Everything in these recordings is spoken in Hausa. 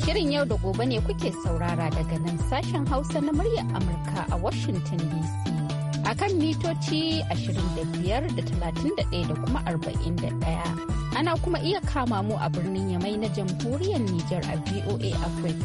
Shirin yau da gobe ne kuke saurara daga nan sashen Hausa na muryar Amurka a Washington DC. A kan mitoci 25 da 31 da kuma 41. Ana kuma iya kama mu a birnin Yamai na jamhuriyar Nijar a VOA Africa.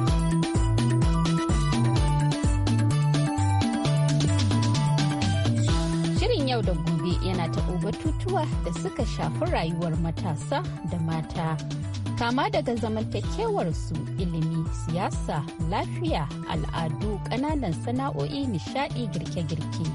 yau da gobe yana taɓo batutuwa da suka shafi rayuwar matasa da mata. Kama daga zamantakewarsu ilimi, siyasa, lafiya, al'adu, ƙananan sana'o'i, nishaɗi, girke-girke.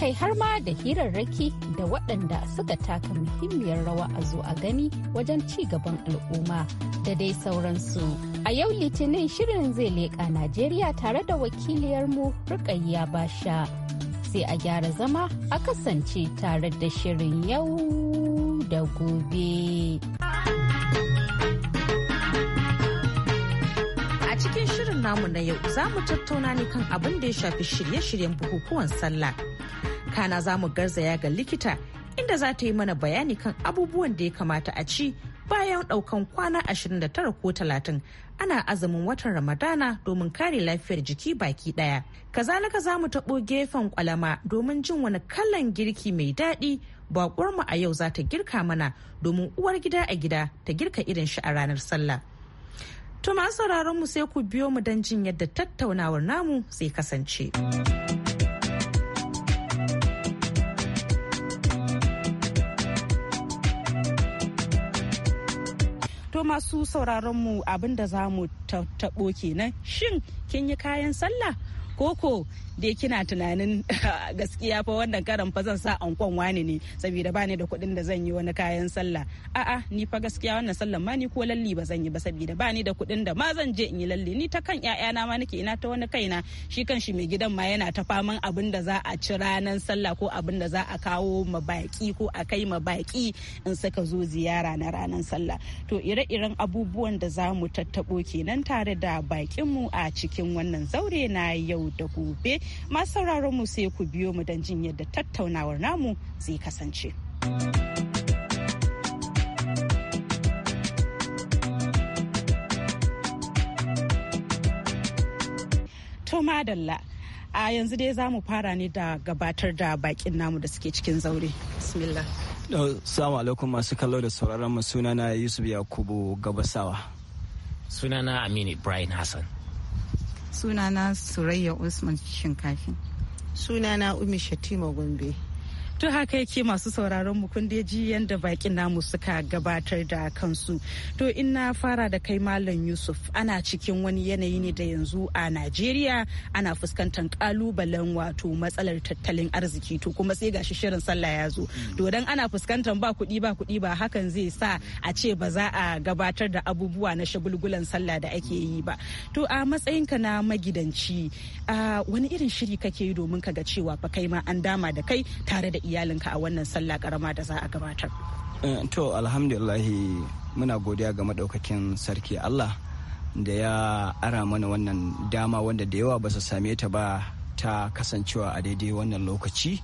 Kai har ma da hirarraki da waɗanda suka taka muhimmiyar rawa a zo a gani wajen ci gaban al'umma da dai sauransu. A yau Litinin shirin zai leƙa Najeriya tare da wakiliyarmu Rukayya Basha. sai a gyara zama a kasance tare da shirin yau da gobe. A cikin shirin namu na yau za mu tattauna ne kan abin da ya shafi shirye-shiryen bukukuwan sallah. Kana za mu garzaya ga likita inda za ta yi mana bayani kan abubuwan da ya kamata a ci bayan ɗaukan kwana 29 ko 30 ana azumin watan ramadana domin kare lafiyar jiki baki ɗaya kazalika za mu taɓo gefen kwalama domin jin wani kallon girki mai daɗi mu a yau za ta girka mana domin uwar gida a gida ta girka irin shi a ranar sallah to masu sauraron mu sai ku biyo mu don jin yadda tattaunawar namu sai kasance. To masu sauraron mu abin da za mu taɓo kenan shin kin yi kayan sallah koko dai kina tunanin gaskiya fa wannan karan fa zan sa ankon wani ne saboda bani da kuɗin da zan yi wani kayan sallah a'a ni fa gaskiya wannan sallan ma ni ko lalli ba zan yi ba saboda bani da kuɗin da ma zan je in yi lalle ni ta kan ƴaƴana ma nake ina ta wani kaina shi kan shi mai gidan ma yana ta faman abin da za a ci ranan sallah ko abin da za a kawo ma baki ko a kai ma baki in saka zo ziyara na ranan sallah to ire-iren abubuwan da za mu tattabo kenan tare da bakinmu a cikin wannan zaure na yau da gobe masu sauraron mu sai ku biyo mu don jin yadda tattaunawar namu zai kasance. To madalla a yanzu dai za mu fara ne da gabatar da bakin namu da suke cikin zaure. Bismillah. Assalamu alaikum masu kallo da sauraron mu sunana Yusuf Yakubu Gabasawa. Sunana Aminu Ibrahim Hassan. sunana surayya usman shinkafi sunana umi shatima gombe To haka yake masu sauraron mu kun ji yadda bakin namu suka gabatar da kansu. To in na fara da kai Malam Yusuf ana cikin wani yanayi ne da yanzu a Najeriya ana fuskantar kalubalen wato matsalar tattalin arziki to kuma sai gashi shirin sallah ya zo. To dan ana fuskantar ba kuɗi ba kuɗi ba hakan zai sa a ce ba za a gabatar da abubuwa na shagulgulan sallah da ake yi ba. To a matsayinka na magidanci wani irin shiri kake yi domin ka ga cewa fa kai ma an dama da kai tare da iyalinka a wannan sallah karama da za a gabatar eh, to alhamdulillahi muna godiya ga madaukakin sarki allah da ya ara mana wannan dama wanda da yawa ba su same ta ba ta kasancewa a daidai wannan lokaci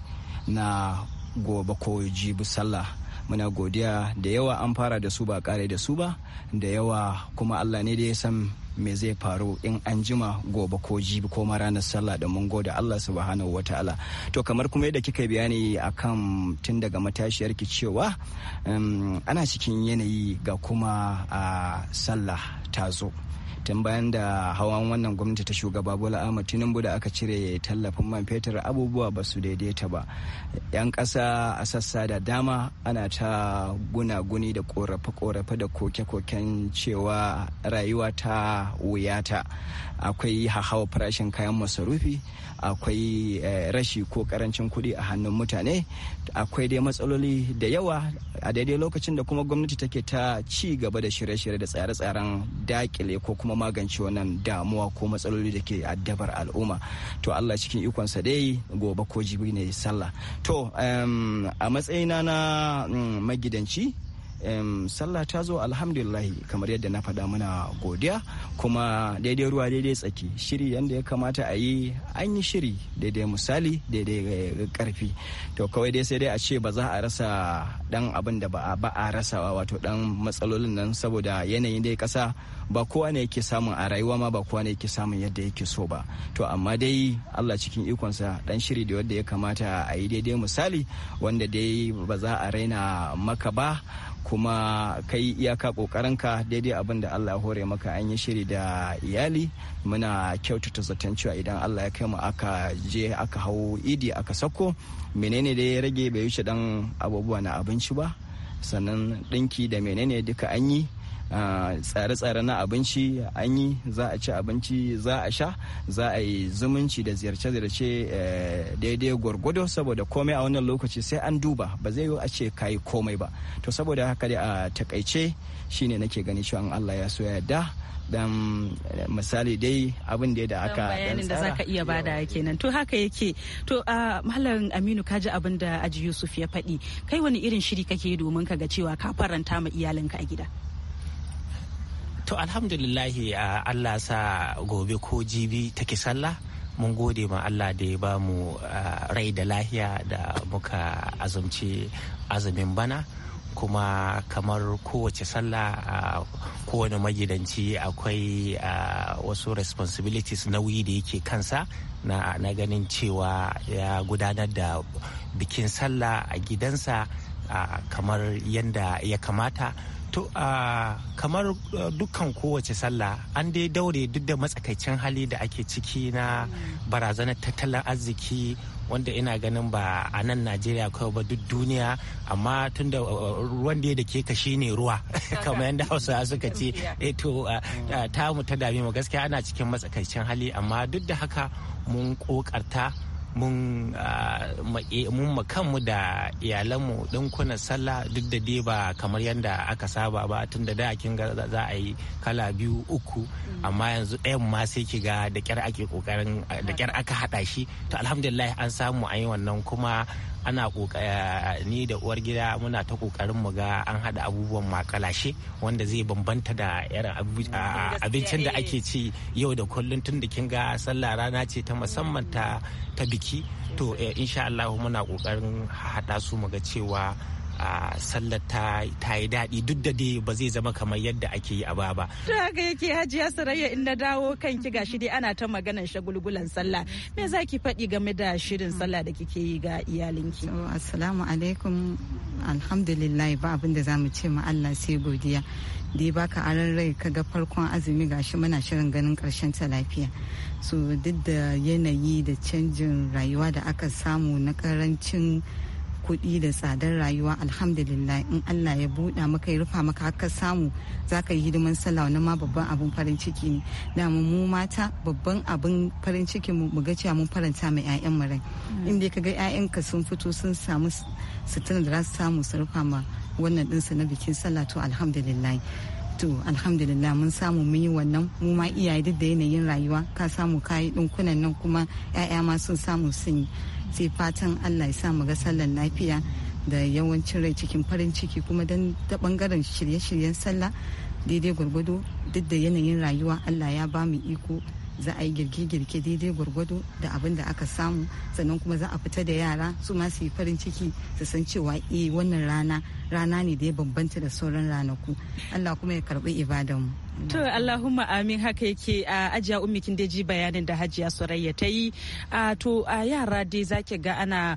na gobe ko jibi sallah muna godiya da yawa an fara da su ba kare da su ba da yawa kuma allah ne da ya san me zai faru in an jima gobe ko jibi ko ma ranar sallah da mun gode Allah subhanahu wataala to kamar kuma yadda kika bayani akan tun daga matashiyar ki cewa um, ana cikin yanayi ga kuma ah, sallah ta zo tun bayan da hawan wannan gwamnati ta shugaba bola ahmad tinubu da aka cire tallafin man fetur abubuwa ba su daidaita ba yan kasa a sassa da dama ana ta gunaguni da korafe-korafe da koke-koken cewa rayuwa ta wuyata akwai hahawa farashin kayan masarufi akwai eh, rashi ko karancin kuɗi a hannun mutane akwai dai matsaloli da yawa a daidai lokacin da kuma gwamnati take ta ci gaba da shirye-shirye da tsare-tsaren dakile ko kuma magance wannan damuwa ko matsaloli da ke addabar al'umma to allah cikin ikonsa dai gobe ko jibi ne sallah to a matsayina na mm, magidanci sallah ta zo alhamdulillahi kamar yadda na faɗa mana godiya kuma daidai ruwa daidai tsaki shiri yadda ya kamata a yi an yi shiri daidai misali daidai karfi to kawai dai sai dai a ce ba za a rasa dan abin da ba a rasawa wato dan matsalolin nan saboda yanayin dai kasa ba kowa ne yake samun a rayuwa ma ba kowa ne yake samun yadda yake so ba to amma dai Allah cikin ikonsa dan shiri da yadda ya kamata a yi daidai misali wanda dai ba za a raina maka ba kuma kai iyaka ka daidai abin da Allah ya hore maka an yi shiri da iyali muna kyautata zaton cewa idan Allah ya kai mu aka je aka hau idi aka sako menene da ya rage bai wuce dan abubuwa na abinci ba sannan ɗinki da menene duka an yi tsare-tsare na abinci an yi za a ci abinci za a sha za a yi zumunci da ziyarce-ziyarce eh, daidai gwargwado saboda komai a wannan lokaci sai an duba ba zai yi a ce kayi komai ba to saboda haka da a takaice shine nake gani cewa Allah ya so da dan misali dai abin da da aka bayanin da zaka iya bada kenan to haka yake to a Aminu kaji abin da Aji Yusuf ya faɗi kai wani irin shiri kake domin ka ga cewa ka faranta ma iyalinka a gida To alhamdulillah Allah sa gobe ko jibi take sallah mun gode ma Allah da ya bamu rai da lahiya da muka azumci azumin bana kuma kamar kowace sallah kowane magidanci akwai wasu responsibilities nauyi da yake kansa na ganin cewa ya gudanar da bikin sallah a gidansa kamar yadda ya kamata to a kamar uh, dukkan kowace sallah an dai daure duk da matsakaicin hali da ake ciki na barazanar tattalin arziki wanda ina ganin ba a nan najeriya kawai ba duk duniya amma tun uh, ruwan da da ke kashi ne ruwa kamar yadda hausa suka ce eh, to ta mu ta dami mu gaskiya ana cikin matsakaicin hali amma duk da haka mun kokarta mun ah, eh, kanmu da iyalanmu kuna sallah duk da dai ba kamar yadda aka saba ba tun da dakin ga za a yi kala biyu uku mm. amma yanzu ɗayan ma sai ki ga da kyar ake kokarin da kyar aka haɗa shi to alhamdulillah an samu an yi wannan kuma ana eh, ni da uwar gida muna ta kokarin mu ga an hada abubuwan makalashe wanda zai bambanta da irin mm, ah, abincin da eh. ake ci yau da kullun tun da kin ga sallah rana ce ta musamman ta biki to eh, insha Allah muna kokarin hada su mu ga cewa a sallar ta yi daɗi duk da dai ba zai zama kamar yadda ake yi a ba ba. To haka yake hajiya sarayya in na dawo kanki gashi dai ana ta maganar shagulgulan sallah me za ki faɗi game da shirin sallah da kike yi ga iyalinki. Assalamu alaikum alhamdulillah ba abin da za mu ce ma Allah sai godiya. Dai baka aran rai kaga farkon azumi gashi muna shirin ganin karshen ta lafiya so duk da yanayi da canjin rayuwa da aka samu na karancin kuɗi da tsadar rayuwa alhamdulillah in allah ya buɗa maka ya rufa maka haka samu za ka yi hidiman sallah wannan ma babban abin farin ciki ne da mu mata babban abin farin ciki mu ga cewa mun faranta ma 'ya'yan mu rai mm. dai ka ga ka sun fito sun samu sutura da za su samu su rufa ma wannan ɗinsu na bikin sallah to alhamdulillah to alhamdulillah mun samu mun yi wannan mu ma iyaye duk da yanayin rayuwa ka samu kayi dinkunan nan kuma 'ya'ya ma sun samu sun yi sai fatan allah ya sa mu ga sallar lafiya da yawancin rai cikin farin ciki kuma don ta bangaren shirye-shiryen sallah daidai gwargwado duk da yanayin rayuwa allah ya ba mu iko za a yi girke-girke daidai gwargwado da abin da aka samu sannan kuma za a fita da yara su ma su yi farin ciki su san cewa eh wannan rana rana ne da ya bambanta da sauran ranaku allah kuma ya karbi ibadanmu To Allahumma amin haka yake a ajiya da ji bayanin da hajiya soraya ta yi. To a yara dai zaki ga ana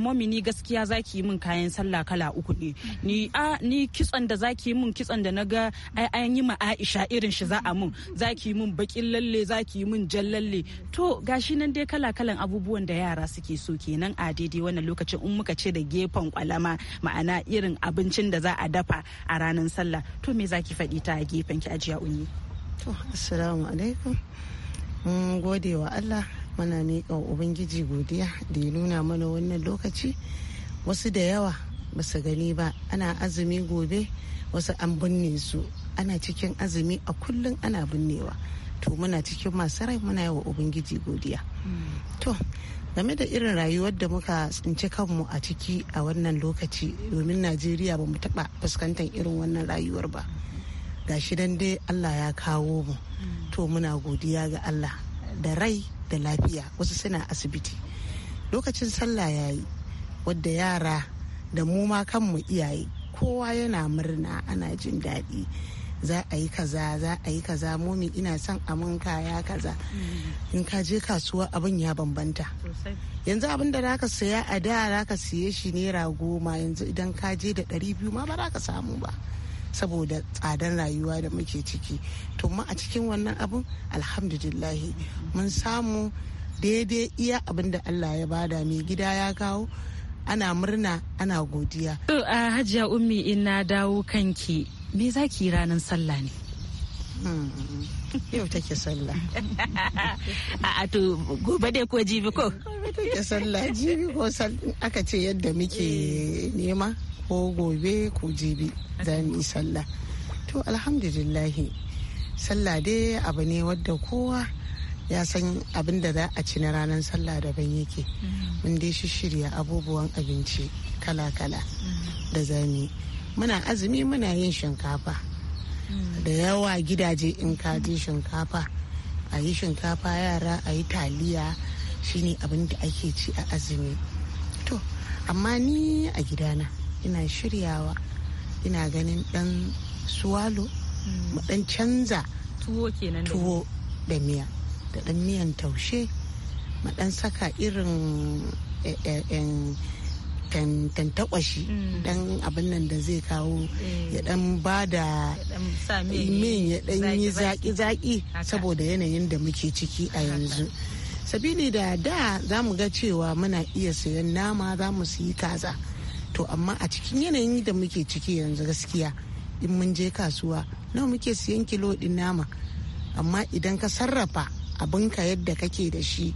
momini gaskiya zaki yi min kayan sallah kala uku ne. Ni kitson da zaki yi min kitson da na ga an yi ma Aisha irin shi za a mun. Zaki yi min bakin lalle zaki yi min jan lalle. To gashi nan dai kala kalan abubuwan da yara suke so kenan a daidai wannan lokacin in muka ce da gefen kwalama ma'ana irin abincin da za a dafa a ranar sallah. To me zaki faɗi ta gefen ki ajiya kunyi to assalamu alaikum mun gode wa allah mana miƙa ubangiji godiya da ya nuna mana wannan lokaci wasu da yawa ba su gani ba ana azumi gobe wasu an binne su ana cikin azumi a kullum ana binnewa to muna cikin masu rai muna yawa ubangiji godiya hmm. to game da irin rayuwar da muka tsinci kanmu a ciki a wannan lokaci domin najeriya ba mu taɓa fuskantar irin wannan rayuwar ba. Mm. gashi dan dai Allah ya kawo mu hmm. to muna godiya ga Allah da rai da lafiya wasu suna asibiti lokacin sallah ya yi wadda yara da mu ma kanmu iyaye kowa yana murna ana jin daɗi za a yi kaza za a yi kaza momi ina son amin kaya kaza hmm. in ka je kasuwa abin ya bambanta yanzu abin da zaka saya a da zaka siye shi naira goma yanzu idan ka je da ɗari biyu ma ba za ka samu ba saboda tsadar rayuwa da muke ciki to ma a cikin wannan abun alhamdulillahi mun samu daidai iya abin da allah ya bada mai gida ya kawo ana murna ana godiya to a hajiya ummi in dawo kanki me za ki ranar sallah ne hmm, yau take sallah a to gobe dai ko jibi ko gobe take sallah jibi ko aka ce yadda muke eh. nema ko gobe ko jibi za mu yi sallah to alhamdulillahi sallah dai abu ne wadda kowa ya san abin da za a ci na ranar sallah daban yake mm-hmm. mun dai shi shirya abubuwan abinci kala-kala mm-hmm. da zami muna azumi muna yin shinkafa mm-hmm. da yawa gidaje in ka je shinkafa a yi shinkafa yara a yi taliya shine abin da ake ci a azumi to amma ni a gidana ina shiryawa ina ganin dan suwalo ma mm. dan canza tuwo kenan tuwo da miya da dan miyan taushe ma dan saka irin eh, eh, eh, tantakwashi dan mm. abin nan da zai kawo ya dan ba da min ya dan yi zaki-zaki saboda yanayin da muke ciki a yanzu sabili da da za mu ga cewa muna iya sayan nama za mu yi kaza to amma a cikin yanayin da muke ciki yanzu gaskiya in mun je kasuwa nawa muke siyan kilo din nama amma idan ka sarrafa abinka yadda kake da shi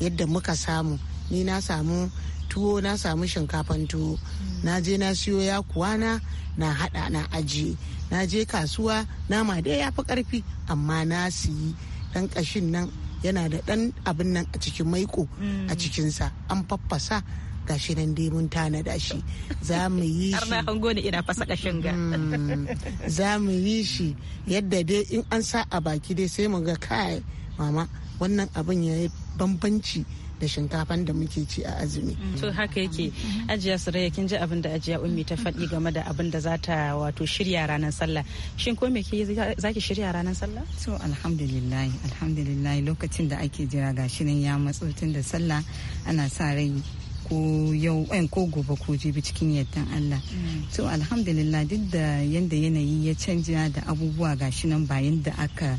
yadda muka samu ni na samu tuwo na samu shinkafan tuwo na je na siyo ya kuwana na hada na ajiye na je kasuwa nama dai ya fi karfi amma na siyi dan kashin nan yana da dan abin nan a cikin maiko a mm. cikinsa an faffasa gashi nan dai mun tanada shi za mu yi shi na hango ne ina fasa kashin ga hmm. za mu yi shi yadda dai in an sa a baki dai sai mu ga kai mama wannan abin ya yi bambanci da shinkafan da muke ci a azumi. Hmm. To haka yake hmm. ajiya suraya kin ji abin da ajiya ummi ta faɗi game da abin da za ta wato shirya ranar sallah. Shin ko me ke za shirya ranar sallah? To alhamdulillah alhamdulillah lokacin da ake jira gashi nan ya matso tun da sallah ana sa rai ko yau eh, ko gobe ko jibi cikin yardan Allah mm. to alhamdulillah duk da yanda yanayi ya canja da abubuwa gashi nan ba da aka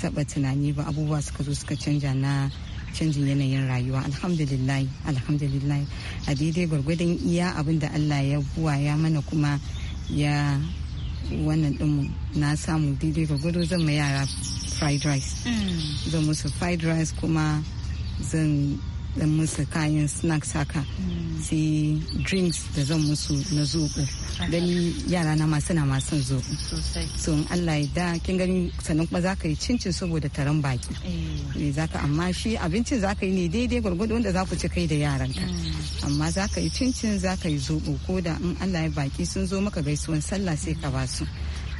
taba tunani ba abubuwa suka zo suka canja na canjin yanayin rayuwa alhamdulillah alhamdulillah a daidai gwargwadon iya abin da Allah ya buwa ya mana kuma ya wannan din na samu daidai gwargwado zan ma yara fried rice mm. zan musu fried rice kuma zan dan musu kayan snacks haka hmm. sai drinks da zan musu na zoɓo gani yara na masu na masu zoɓo so in Allah ya da kin gani sannan kuma za ka yi cincin saboda taron baki eh. Eh, amma shi abincin za ka yi ne daidai gwargwado wanda za ku ci kai da yaran ka hmm. amma za ka yi cincin za ka yi zoɓo ko da in Allah ya baki sun zo maka gaisuwan sallah sai ka ba su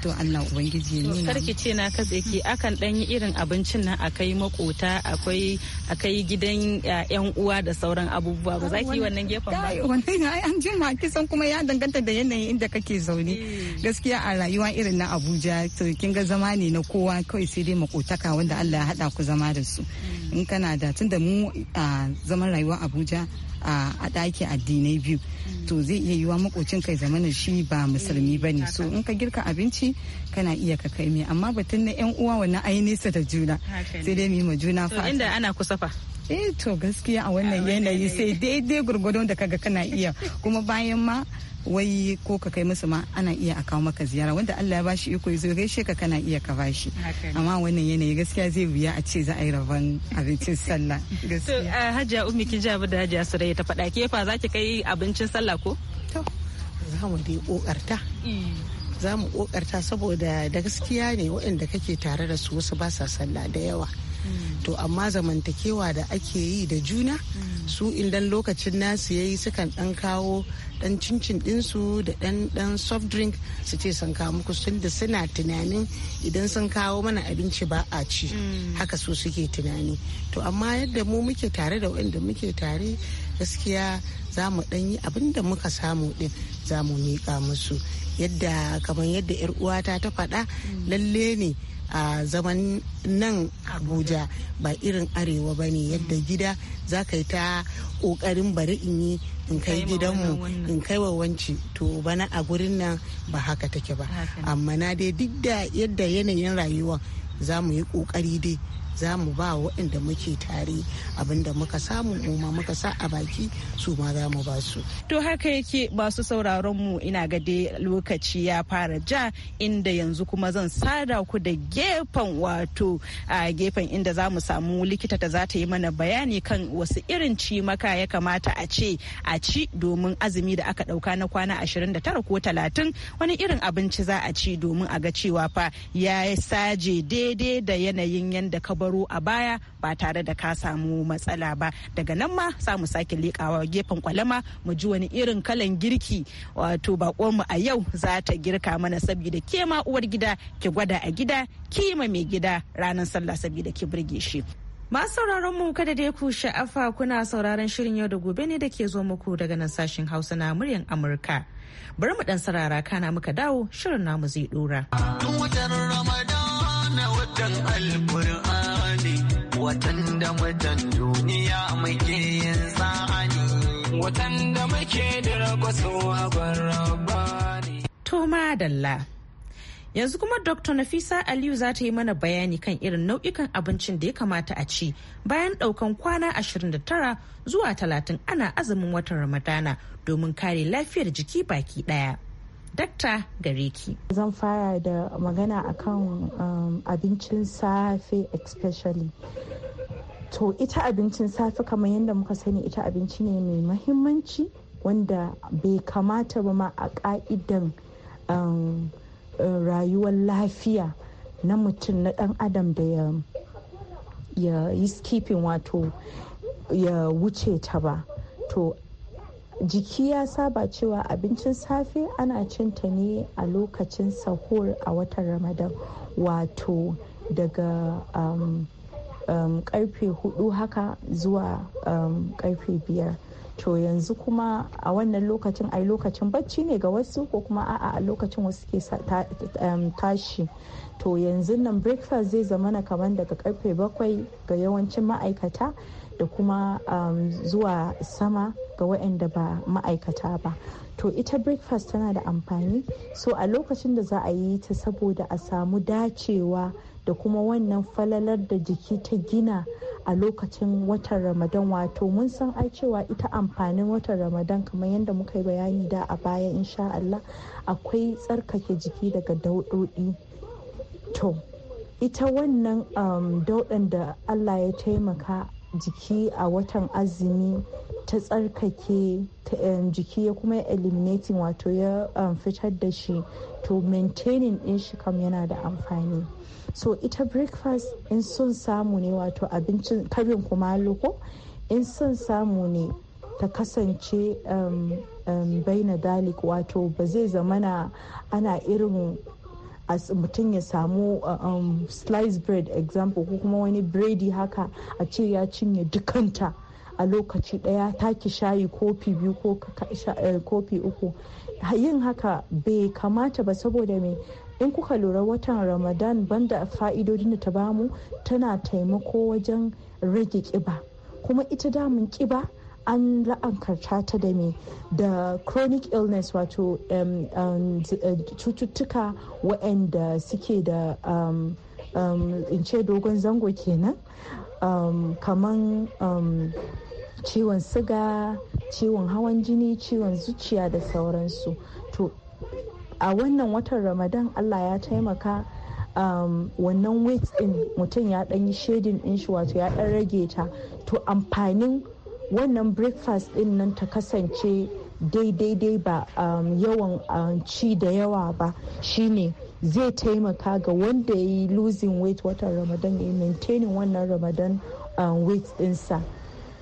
to Allah ubangiji ya nuna karki ce na katse ki akan dan yi irin abincin nan akai makota akwai akai gidan yan uwa da sauran abubuwa ba za ki yi wannan gefen ba wannan ai an jima kisan kuma ya danganta da yanayin inda kake zaune eh. gaskiya a rayuwa irin na Abuja to kin ga zama ne na kowa kawai sai dai makotaka wanda Allah ya hada ku zama da su mm. in kana da tunda mu a zaman rayuwa Abuja a ɗaki addinai biyu to zai iya yiwa makocin kai zamanin shi ba musulmi ba ne so in ka girka abinci kana iya ka kai mai amma batun na yan uwa wani ai nesa da juna sai dai mu ma juna fa inda ana kusa fa eh to gaskiya a wannan yanayi sai daidai gurgudun da kaga kana iya kuma bayan ma wai ko ka kai musu ma ana iya a kawo maka ziyara wanda Allah ya bashi iko yazo gaishe ka kana iya ka bashi amma wannan yanayi gaskiya zai wuya a ce za a yi rabon abincin sallah gaskiya hajiya ummi kin ji abin da hajiya Suraya ta faɗa ke fa zaki kai abincin sallah ko to za mu dai kokarta mm. za mu kokarta saboda da gaskiya ne waɗanda kake tare da su wasu ba sa sallah da yawa mm. to amma zamantakewa da ake yi da juna mm. su idan lokacin nasu yayi sukan dan kawo dan cincin dinsu da dan dan soft drink su ce sun kawo muku sun da suna tunanin idan sun kawo mana abinci ba a ci mm. haka su suke tunani to amma yadda mu muke tare da wanda muke tare gaskiya za mu dan yi abin da muka samu din za mu miƙa musu yadda kamar yadda 'yar uwata ta faɗa mm. lalle ne a uh, zaman nan abuja ba irin arewa ba ne yadda gida za ka yi ta ƙoƙarin bari in yi in kai gidanmu in kai wa wanci to bana a gurin nan ba haka take ba amma na dai duk da yadda yanayin rayuwa za mu yi kokari dai za mu ba waɗanda muke tare abinda muka samu kuma muka sa a baki su ma za mu ba su. To haka yake masu sauraron mu ina ga dai lokaci ya fara ja inda yanzu kuma zan sada ku da gefen wato a gefen inda za mu samu likita ta za ta yi mana bayani kan wasu irin ci maka ya kamata a ce a ci domin azumi da aka ɗauka na kwana 29 ko 30 wani irin abinci za a ci domin a ga cewa fa ya saje daidai da yanayin yadda ka bar baro a baya ba tare da ka samu matsala ba daga nan ma za mu sake likawa gefen kwalama mu ji wani irin kalan girki wato mu a yau za ta girka mana saboda ke ma uwar gida ki gwada a gida kima mai gida ranar sallah saboda ki burge shi Masu sauraron mu kada dai ku sha'afa kuna sauraron shirin yau da gobe ne da ke zo muku daga nan sashen Hausa na muryan Amurka. Bari mu dan sarara kana muka dawo shirin namu zai dora. Duk watan ne watan da mutan duniya ke yin sa'ani watan da muke dirga suwa barabba ne. Toma Dalla. Yanzu kuma Dr. Nafisa Aliyu za ta yi mana bayani kan irin nau'ikan abincin da ya kamata a ci bayan ɗaukan kwana 29 zuwa 30 ana azumin watan Ramadana domin kare lafiyar jiki baki ɗaya. dakta gare ki zan fara da magana akan um, abincin safe especially to ita abincin safe kamar yadda muka sani ita abinci ne mai mahimmanci wanda bai kamata ba ma a ka'idan um, rayuwar lafiya na mutum na dan adam da ya ya yi skipping wato ya wuce ta ba to jiki ya saba cewa abincin safe ana cin ta ne a lokacin sahur a watan ramadan wato daga um, um karfe hudu haka zuwa um, karfe biyar to yanzu kuma a wannan lokacin ai lokacin bacci ne ga wasu ko kuma a'a a lokacin wasu ke tashi to yanzu nan breakfast zai zamana kamar daga karfe bakwai ga yawancin ma'aikata da kuma zuwa sama ga waɗanda ba ma'aikata ba to ita breakfast tana da amfani so a lokacin da za a yi ta saboda a samu dacewa da kuma wannan falalar da jiki ta gina a lokacin watan ramadan wato mun san ai cewa ita amfanin watan ramadan kamar yadda muka yi bayani da a baya insha Allah akwai tsarkake jiki daga dauɗoɗi to ita wannan um, da Allah ya taimaka jiki a watan azumi ta tsarkake jiki ya kuma eliminating wato ya fitar da shi to maintaining din shi kam yana da amfani so ita breakfast in sun samu ne wato abincin karin kuma ko in sun samu ne ta kasance um, um, baina dalik wato ba zai zamana ana irin mutum ya samu uh, um, slice bread example ko kuma wani biredi haka a ce ya cinye dukanta a lokaci daya taki shayi kofi biyu ko eh, kofi uku yin haka bai kamata ba saboda mai in kuka lura watan ramadan banda fa'idodin da ta bamu tana taimako wajen rage kiba kuma ita damun kiba an la'ankarta ta da me da chronic illness wato um, um, uh, cututtuka waɗanda suke da um, in ce dogon zango kenan kaman ciwon siga ciwon hawan jini ciwon zuciya da sauransu to a wannan watan ramadan allah ya taimaka um, wannan weight din mutum ya ɗanyi yi shading shi wato ya ɗan rage ta to amfanin wannan breakfast din nan ta kasance daidai ba um, yawan um, ci da yawa ba shine zai taimaka ga wanda ya yi losing weight watan ramadan ya maintaining wannan ramadan um, weight dinsa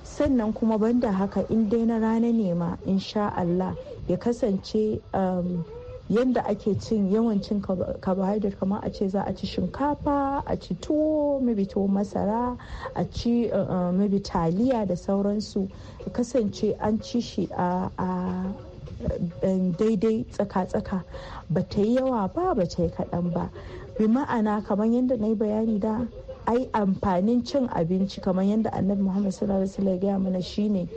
sannan kuma banda haka in dai na rana ne ma insha Allah ya kasance um, yadda ake cin yawan cin carbohydrate kamar a ce za a ci shinkafa a ci tuwo maybe tuwo masara a ci uh, uh, maybe taliya da sauransu kasance an ci shi a um, daidai tsaka-tsaka ba ta yi yawa ba ba ta yi kaɗan ba bi ma'ana kamar yadda na yi bayani da ai amfanin cin abinci kamar yadda annabi muhammad sallallahu alaihi wasallam ya gaya mana shine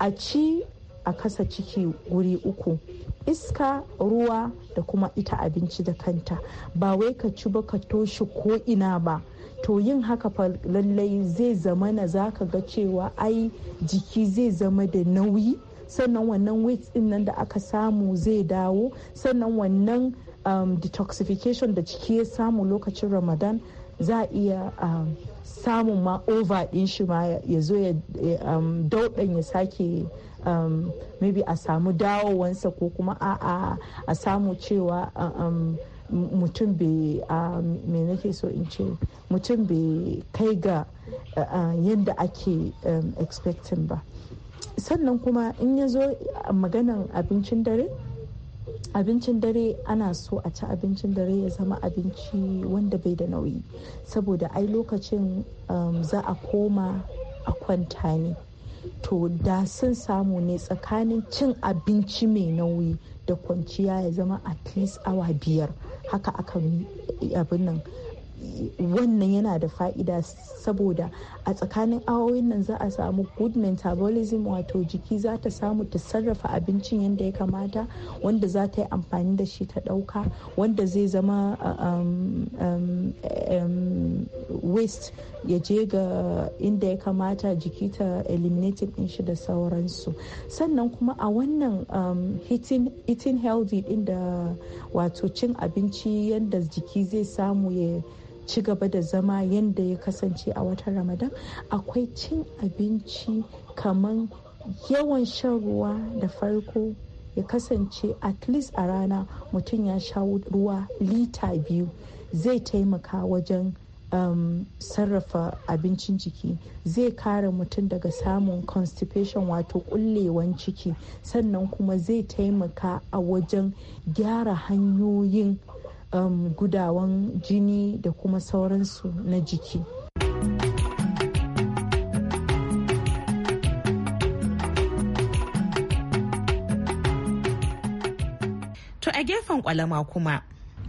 a ci a kasa ciki guri uku iska ruwa da kuma ita abinci da kanta ba wai ka ci ba ka toshe ko ina ba to yin haka fa lallai zai zama na zaka ga cewa ai jiki zai zama da nauyi sannan wannan weight din nan da aka samu zai dawo sannan wannan um, detoxification da ciki ya samu lokacin ramadan za a iya um, samun ma over din shi ma ya zo ya um, dauɗan ya sake um, maybe a samu dawowansa ko kuma a, a, samu cewa um, mutum bai uh, nake so in ce mutum bai kai ga uh, uh, yadda ake um, expecting ba sannan kuma in ya zo maganan abincin dare abincin dare ana so a ci abincin dare ya zama abinci wanda bai da nauyi saboda ai lokacin um, za a koma a kwanta ne to da sun samu ne tsakanin cin abinci mai nauyi da kwanciya ya zama at least awa biyar haka akan abin nan wannan yana da fa'ida saboda a tsakanin awoyin nan za a samu good metabolism wato jiki za ta samu ta sarrafa abincin yadda ya kamata wanda za ta yi amfani da shi ta ɗauka wanda zai zama uh, um, um, um, waste ya je ga inda ya kamata jiki ta eliminating din shi da sauransu sannan kuma a wannan um, eating healthy din da wato cin abinci yadda jiki zai samu ya ci gaba da zama yadda ya kasance a watan ramadan akwai cin abinci kamar yawan shan ruwa da farko ya kasance at least a rana mutum ya sha ruwa lita biyu zai taimaka wajen um, sarrafa abincin jiki zai kare mutum daga samun constipation wato kullewan ciki sannan kuma zai taimaka a wajen gyara hanyoyin um, gudawan jini da kuma sauransu na jiki to a gefen kwalama kuma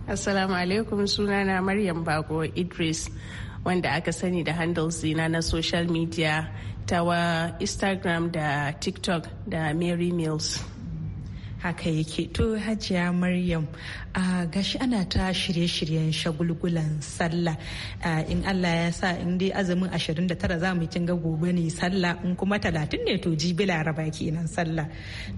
assalamu alaikum sunana maryam bago idris wanda aka sani da handles zina na social media tawa instagram da tiktok da mary mills haka yake to hajiya maryam a gashi ana ta shirye-shiryen shagulgulan sallah in allah ya sa in dai azumin 29 za mu yi ga gobe ne sallah in kuma 30 ne to jibi laraba kenan sallah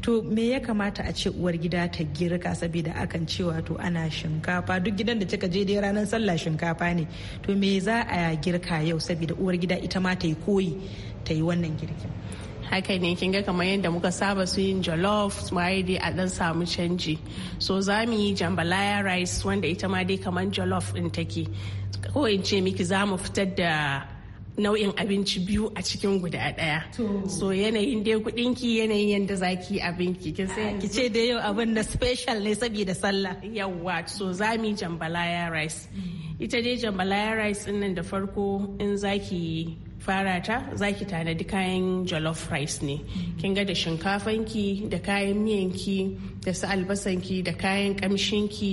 to me ya kamata a ce uwar gida ta girka saboda akan cewa to ana shinkafa duk gidan da kika je dai ranar sallah shinkafa ne to me za a girka yau saboda uwar gida ita ma ta yi koyi ta yi wannan girkin haka ne kin ga kamar yadda muka saba su yin jollof waye dai a dan samu canji so za mu yi jambalaya rice wanda ita ma dai kamar jollof din take ko in ce miki za mu fitar da nau'in abinci biyu a cikin guda daya so yanayin dai ki yanayin yadda za abin abinki kin sai ki ce da yau abin da special ne saboda sallah yawa so za mu yi jambalaya rice mm. ita dai jambalaya rice din nan da farko in za ki fara ta za ki tanadi kayan jollof rice ne kin ga da shinkafanki da kayan miyanki da su albasanki da kayan kamshinki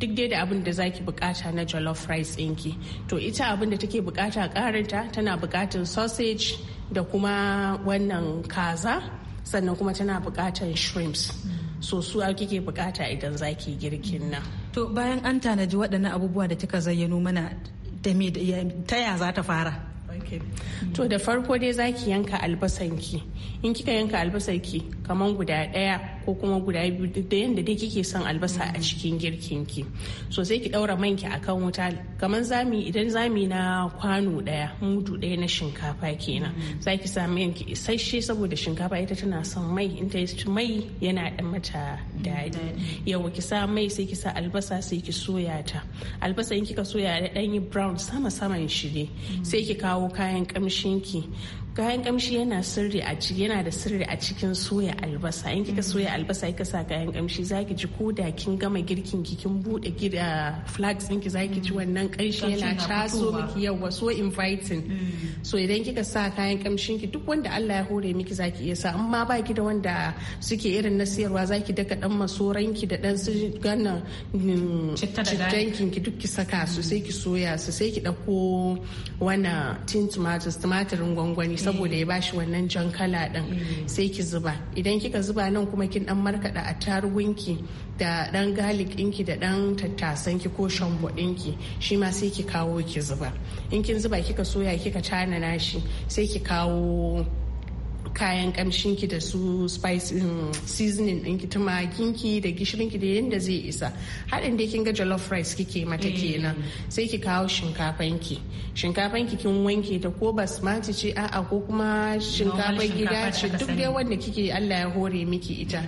duk dai da abin da za ki bukata na jollof rice ɗinki to ita abin da take bukata karinta tana bukatan sausage da kuma wannan kaza sannan kuma tana bukatan shrimps so su kike bukata idan za ki girkin nan to bayan an tanadi waɗannan abubuwa da kika zayyano mana ta ya za ta fara to da farko dai zaki yanka albasanki in kika yanka albasanki kaman guda ɗaya? ko kuma guda biyu da yadda dai kike son albasa a cikin girkin ki so ki daura manki ki akan wuta kamar zami idan zami na kwano daya mudu daya na shinkafa kenan za ki sa man isasshe saboda shinkafa ita tana son mai in ta yi mai yana dan mata daɗi yawa ki sa mai sai ki sa albasa sai ki soya ta albasa in kika soya da dan yi brown sama saman shi ne sai ki kawo kayan kamshinki. kayan kamshi yana sirri a ciki yana da sirri a cikin soya albasa in kika soya albasa kika sa kayan kamshi zaki ji ko da kin gama girkin ki kin bude gida uh, flags ki zaki ji mm. wannan kanshi yana taso miki yawa so inviting mm. so idan kika sa kayan kamshin ki duk wanda Allah ya hore miki zaki iya sa amma ba ki da wanda suke irin na siyarwa zaki daka dan masoran ki da dan su mm, cittan ki duk ki saka su sai ki soya su sai ki dauko wannan tin tomatoes tumatirin gwangwani saboda ya bashi wannan jan kala din sai ki zuba idan kika zuba nan kuma kin dan markada a tarugunki da dan garlic ɗinki da dan tattasan ki ko shambo ɗinki shi ma sai ki kawo ki zuba in kin zuba kika soya kika tana nashi sai ki kawo kayan kamshin ki da su spice mm, seasoning ki tumakin ki da gishirin ki da yadda zai isa haɗin da kin ga jollof rice kike mata eh. kenan sai ki kawo shinkafan ki shinkafan ki kin wanke ta ko basmati ce a'a ko kuma shinkafan gida ce duk dai wanda kike Allah ya hore miki ita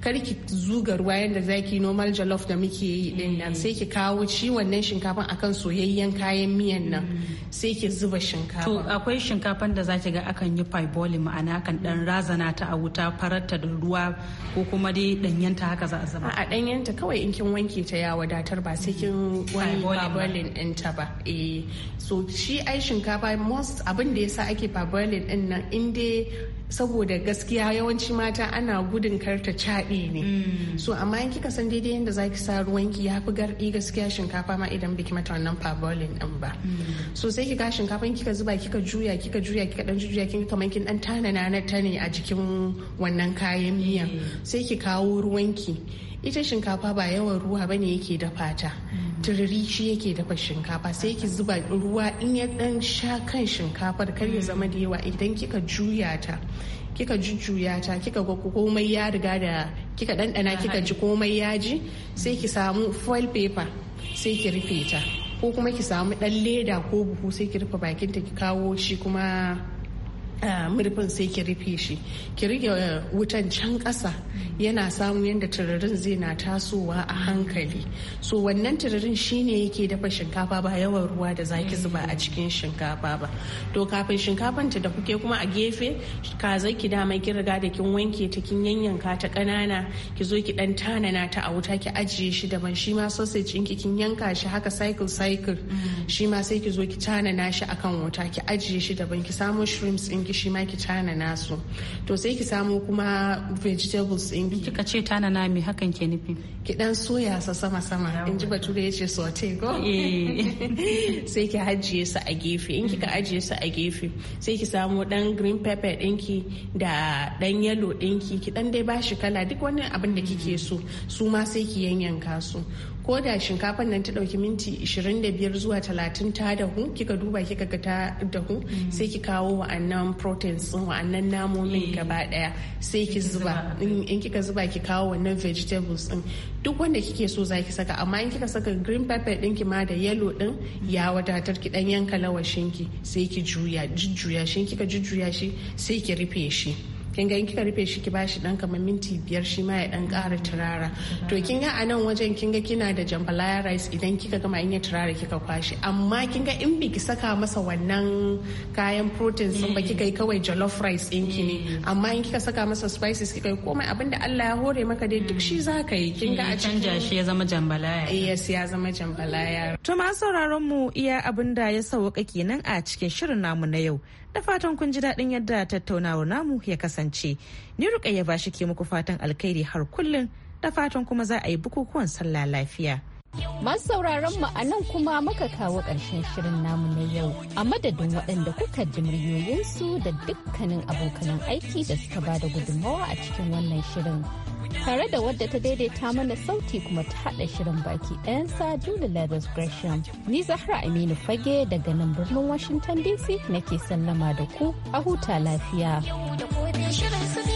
kar ki zuga ruwa yadda za ki normal jollof da muke yi din nan mm. sai ki kawo ci wannan shinkafan akan soyayyen kayan miyan nan mm. sai ki zuba shinkafa to akwai shinkafan da zaki ga akan yi fiboli ma'ana kan dan razana ta a wuta fararta da ruwa ko kuma dai danyenta haka za a zuba a danyenta kawai in kin wanke ta ya wadatar ba sai kin mm. wani fiboli din ta ba eh so shi ai shinkafa most abin da ya sa ake fiboli din nan in dai saboda gaskiya yawanci mata ana gudun karta caɗe ne mm. so amma in kika san daidai yadda zaki sa ruwanki ya fi garɗi gaskiya shinkafa ma idan biki mata wannan parboiling ɗin ba mm. so sai kika shinkafa kika zuba kika juya kika juya kika dan juya kin kamar kin dan tanana na ne a jikin wannan kayan miyan mm. sai ki kawo ruwanki ita shinkafa ba yawan ruwa bane yake dafa ta turiri shi yake dafa shinkafa sai ki zuba ruwa in ya dan sha kan shinkafar kar ya zama da yawa idan kika juya ta kika jujjuya ta kika ga komai ya riga da kika dandana kika ji komai ya ji sai ki samu foil paper sai ki rufe ta ko kuma ki samu dan leda ko buhu sai ki rufe bakinta ki kawo shi kuma murfin sai ki rufe shi ki rike eh, wutan can ƙasa yana samu yadda tururin zai na tasowa a hankali so wannan tururin shine yake dafa shinkafa ba yawan ruwa da zaki zuba a cikin shinkafa ba to kafin shinkafan ta da kuke kuma a gefe kaza ki dama ki riga da kin wanke ta kin yanyanka ta ƙanana ki zo ki dan tanana ta a wuta ki ajiye shi daban shi ma sausage ki kin yanka shi haka cycle cycle mm. shi ma sai ki zo ki tanana shi akan wuta ki ajiye shi daban ki samo shrimps ɗin ki shi ma ki tanana su to sai ki samu kuma vegetables in ki kika ce tanana me hakan ke nufi ki dan soya sa sama sama in ji bature ya ce saute go eh. sai ki hajiye su a gefe in kika ajiye su a gefe sai ki samu dan green pepper dinki da dan yellow dinki ki dan dai bashi kala duk wani abin da kike so su ma sai ki yanyanka su ko da shinkafan nan ta dauki minti 25 zuwa 30 ta dahu kika duba kika ga ta dahu mm. sai ki kawo wa'annan proteins din wa'annan namomin eh. gaba daya sai ki zuba in kika zuba ki kawo wannan vegetables din duk wanda kike so za ki saka amma in kika saka green pepper din ki ma da yellow din mm. ya wadatar ki dan yanka lawashin ki sai ki juya jujjuya shi kika jujjuya shi sai ki rufe shi kin ga in kika rufe shi ki ba shi dan kamar minti biyar shi ma ya dan ƙara turara to kin ga a nan wajen kin ga kina da jambalaya rice idan kika gama in ya turara kika kwashe amma kin ga in biki saka masa wannan kayan protein sun ba kika yi kawai jollof rice din ki ne mm. amma in kika saka masa spices kika yi komai abin da Allah ya hore maka dai duk shi zaka yi kin ga a mm, canja shi ya zama jambalaya yes ya zama jambalaya to ma sauraron mu iya abin da ya sauka kenan a cikin shirin namu na yau Da fatan kun ji daɗin yadda tattaunawar namu ya kasance. Ni Rukayya ba shi ke muku fatan alkhairi har kullum da fatan kuma za a yi bukukuwan sallah lafiya. Masu sauraron mu a nan kuma muka kawo ƙarshen shirin namu na yau a madadin waɗanda kuka ji muryoyinsu da dukkanin abokanan aiki da suka ba da gudunmawa a cikin wannan shirin. Tare da wadda ta daidaita mana sauti kuma ta haɗa shirin baki ɗayansa Julie Leathers Gresham. Ni Zahra Aminu Fage daga nan birnin Washington DC nake sallama da ku a huta lafiya. shirin